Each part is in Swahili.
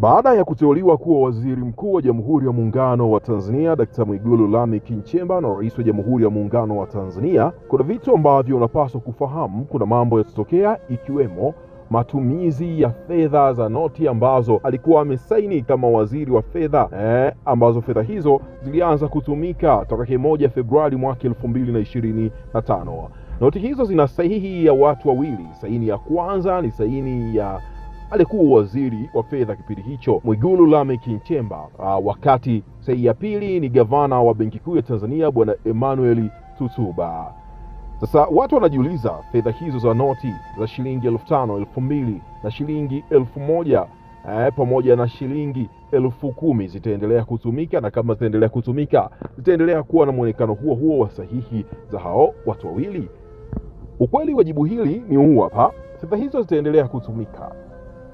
Baada ya kuteuliwa kuwa waziri mkuu wa Jamhuri ya Muungano wa Tanzania Dkt. Mwigulu Lameck Nchemba na rais wa Jamhuri ya Muungano wa Tanzania, kuna vitu ambavyo unapaswa kufahamu. Kuna mambo yatatokea, ikiwemo matumizi ya fedha za noti ambazo alikuwa amesaini kama waziri wa fedha eh, ambazo fedha hizo zilianza kutumika tarehe moja Februari mwaka elfu mbili na ishirini na tano. Noti hizo zina sahihi ya watu wawili. Saini ya kwanza ni saini ya alikuwa waziri wa fedha kipindi hicho Mwigulu Lameck Nchemba. Uh, ah, wakati sahihi ya pili ni gavana wa Benki Kuu ya Tanzania Bwana Emmanuel Tutuba. Sasa watu wanajiuliza fedha hizo za noti za shilingi elfu tano elfu mbili na shilingi elfu moja eh, pamoja na shilingi elfu kumi zitaendelea kutumika, na kama zitaendelea kutumika zitaendelea kuwa na mwonekano huo huo wa sahihi za hao watu wawili? Ukweli wa jibu hili ni huu hapa, fedha hizo zitaendelea kutumika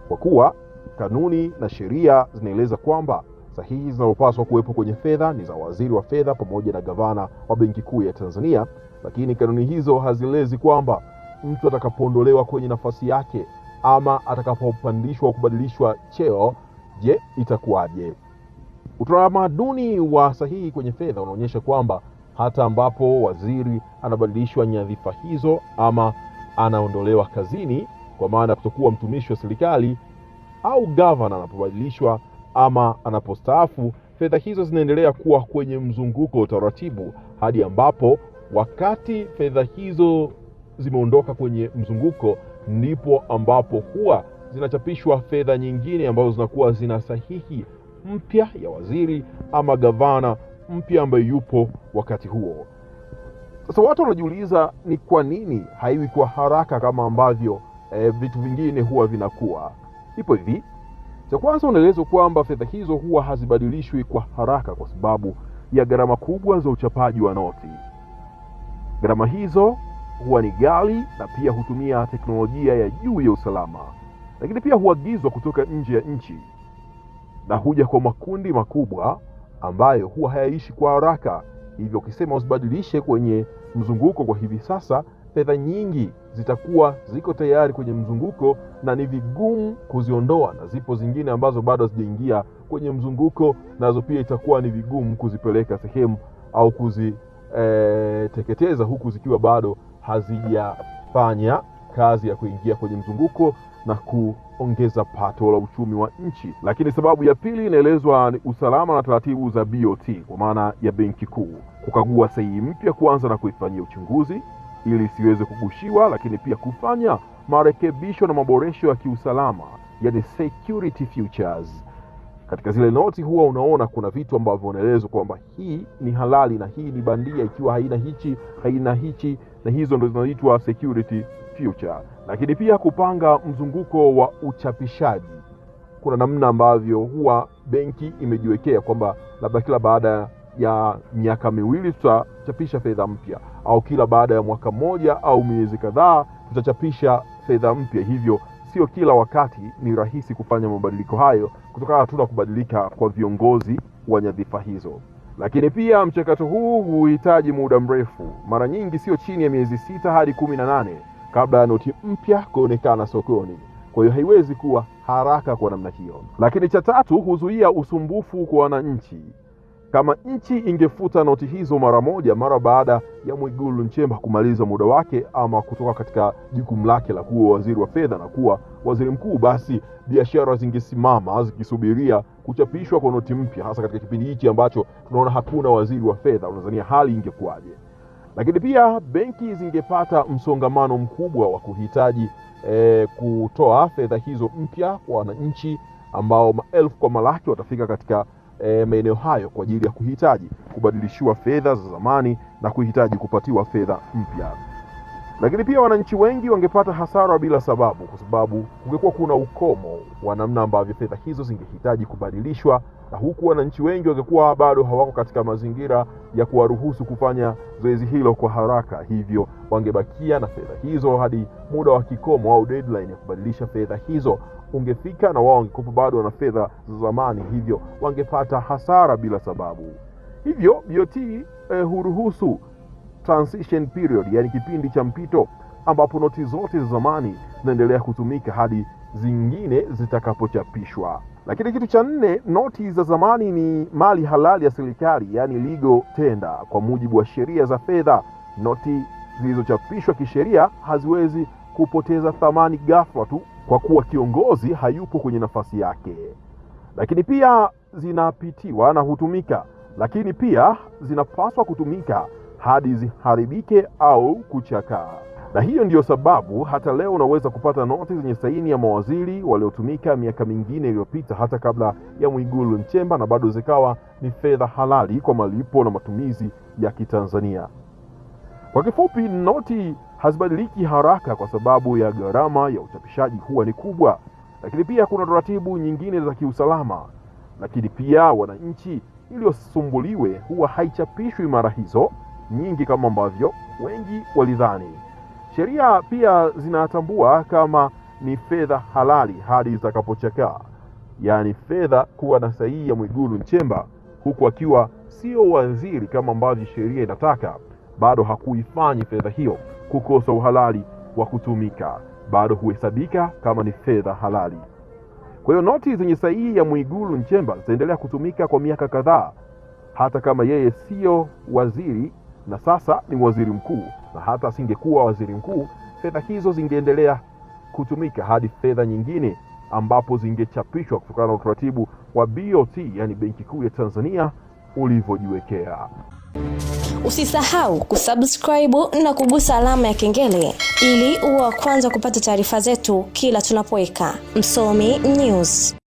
kwa kuwa kanuni na sheria zinaeleza kwamba sahihi zinazopaswa kuwepo kwenye fedha ni za waziri wa fedha pamoja na gavana wa Benki Kuu ya Tanzania, lakini kanuni hizo hazielezi kwamba mtu atakapoondolewa kwenye nafasi yake ama atakapopandishwa kubadilishwa cheo, je, itakuwaje? Utamaduni wa sahihi kwenye fedha unaonyesha kwamba hata ambapo waziri anabadilishwa nyadhifa hizo ama anaondolewa kazini, kwa maana ya kutokuwa mtumishi wa serikali au gavana anapobadilishwa ama anapostaafu, fedha hizo zinaendelea kuwa kwenye mzunguko wa utaratibu hadi ambapo wakati fedha hizo zimeondoka kwenye mzunguko, ndipo ambapo huwa zinachapishwa fedha nyingine ambazo zinakuwa zina sahihi mpya ya waziri ama gavana mpya ambaye yupo wakati huo. Sasa watu wanajiuliza ni kwa nini haiwi kwa haraka kama ambavyo Eh, vitu vingine huwa vinakuwa ipo hivi. Cha kwanza unaelezwa kwamba fedha hizo huwa hazibadilishwi kwa haraka kwa sababu ya gharama kubwa za uchapaji wa noti. Gharama hizo huwa ni ghali na pia hutumia teknolojia ya juu ya usalama, lakini pia huagizwa kutoka nje ya nchi na huja kwa makundi makubwa ambayo huwa hayaishi kwa haraka. Hivyo ukisema usibadilishe kwenye mzunguko kwa hivi sasa fedha nyingi zitakuwa ziko tayari kwenye mzunguko na ni vigumu kuziondoa, na zipo zingine ambazo bado hazijaingia kwenye mzunguko, nazo pia itakuwa ni vigumu kuzipeleka sehemu au kuziteketeza, eh, e, huku zikiwa bado hazijafanya kazi ya kuingia kwenye mzunguko na kuongeza pato la uchumi wa nchi. Lakini sababu ya pili inaelezwa ni usalama na taratibu za BOT kwa maana ya benki kuu, kukagua sahihi mpya kwanza na kuifanyia uchunguzi ili isiweze kugushiwa, lakini pia kufanya marekebisho na maboresho ya kiusalama, yani security features. Katika zile noti huwa unaona kuna vitu ambavyo unaelezwa kwamba hii ni halali na hii ni bandia, ikiwa haina hichi haina hichi, na hizo ndo zinaitwa security feature. Lakini pia kupanga mzunguko wa uchapishaji, kuna namna ambavyo huwa benki imejiwekea kwamba labda kila baada ya miaka miwili tutachapisha fedha mpya, au kila baada ya mwaka mmoja au miezi kadhaa tutachapisha fedha mpya. Hivyo sio kila wakati ni rahisi kufanya mabadiliko hayo, kutokana na tuna kubadilika kwa viongozi wa nyadhifa hizo. Lakini pia mchakato huu huhitaji muda mrefu, mara nyingi sio chini ya miezi sita hadi kumi na nane kabla ya noti mpya kuonekana sokoni. Kwa hiyo haiwezi kuwa haraka kwa namna hiyo. Lakini cha tatu, huzuia usumbufu kwa wananchi. Kama nchi ingefuta noti hizo mara moja mara baada ya Mwigulu Nchemba kumaliza muda wake ama kutoka katika jukumu lake la kuwa waziri wa fedha na kuwa waziri mkuu, basi biashara zingesimama zikisubiria kuchapishwa kwa noti mpya, hasa katika kipindi hichi ambacho tunaona hakuna waziri wa fedha. Unadhania hali ingekuwaje? Lakini pia benki zingepata msongamano mkubwa wa kuhitaji eh, kutoa fedha hizo mpya kwa wananchi ambao maelfu kwa malaki watafika katika e, maeneo hayo kwa ajili ya kuhitaji kubadilishiwa fedha za zamani na kuhitaji kupatiwa fedha mpya. Lakini pia wananchi wengi wangepata hasara bila sababu, kwa sababu kungekuwa kuna ukomo wa namna ambavyo fedha hizo zingehitaji kubadilishwa na huku wananchi wengi wangekuwa bado hawako katika mazingira ya kuwaruhusu kufanya zoezi hilo kwa haraka, hivyo wangebakia na fedha hizo hadi muda wa kikomo au deadline ya kubadilisha fedha hizo ungefika, na wao wangekuwa bado wana fedha za zamani, hivyo wangepata hasara bila sababu. Hivyo BOT eh, huruhusu transition period, yani kipindi cha mpito ambapo noti zote za zamani zinaendelea kutumika hadi zingine zitakapochapishwa. Lakini kitu cha nne, noti za zamani ni mali halali ya serikali, yaani legal tender. Kwa mujibu wa sheria za fedha, noti zilizochapishwa kisheria haziwezi kupoteza thamani ghafla tu kwa kuwa kiongozi hayupo kwenye nafasi yake. Lakini pia zinapitiwa na hutumika, lakini pia zinapaswa kutumika hadi ziharibike au kuchakaa. Na hiyo ndiyo sababu hata leo unaweza kupata noti zenye saini ya mawaziri waliotumika miaka mingine iliyopita hata kabla ya Mwigulu Nchemba, na bado zikawa ni fedha halali kwa malipo na matumizi ya Kitanzania. Kwa kifupi, noti hazibadiliki haraka kwa sababu ya gharama ya uchapishaji huwa ni kubwa, lakini pia kuna taratibu nyingine za kiusalama. Lakini pia wananchi iliyosumbuliwe huwa haichapishwi mara hizo nyingi kama ambavyo wengi walidhani. Sheria pia zinatambua kama ni fedha halali hadi zitakapochakaa, yaani fedha kuwa na sahihi ya Mwigulu Nchemba, huku akiwa sio waziri kama ambavyo sheria inataka, bado hakuifanyi fedha hiyo kukosa uhalali wa kutumika, bado huhesabika kama ni fedha halali. Kwa hiyo noti zenye sahihi ya Mwigulu Nchemba zitaendelea kutumika kwa miaka kadhaa, hata kama yeye siyo waziri na sasa ni waziri mkuu, na hata asingekuwa waziri mkuu, fedha hizo zingeendelea kutumika hadi fedha nyingine ambapo zingechapishwa kutokana na utaratibu wa BOT, yani Benki Kuu ya Tanzania ulivyojiwekea. Usisahau kusubscribe na kugusa alama ya kengele ili uwe wa kwanza kupata taarifa zetu kila tunapoweka Msomi News.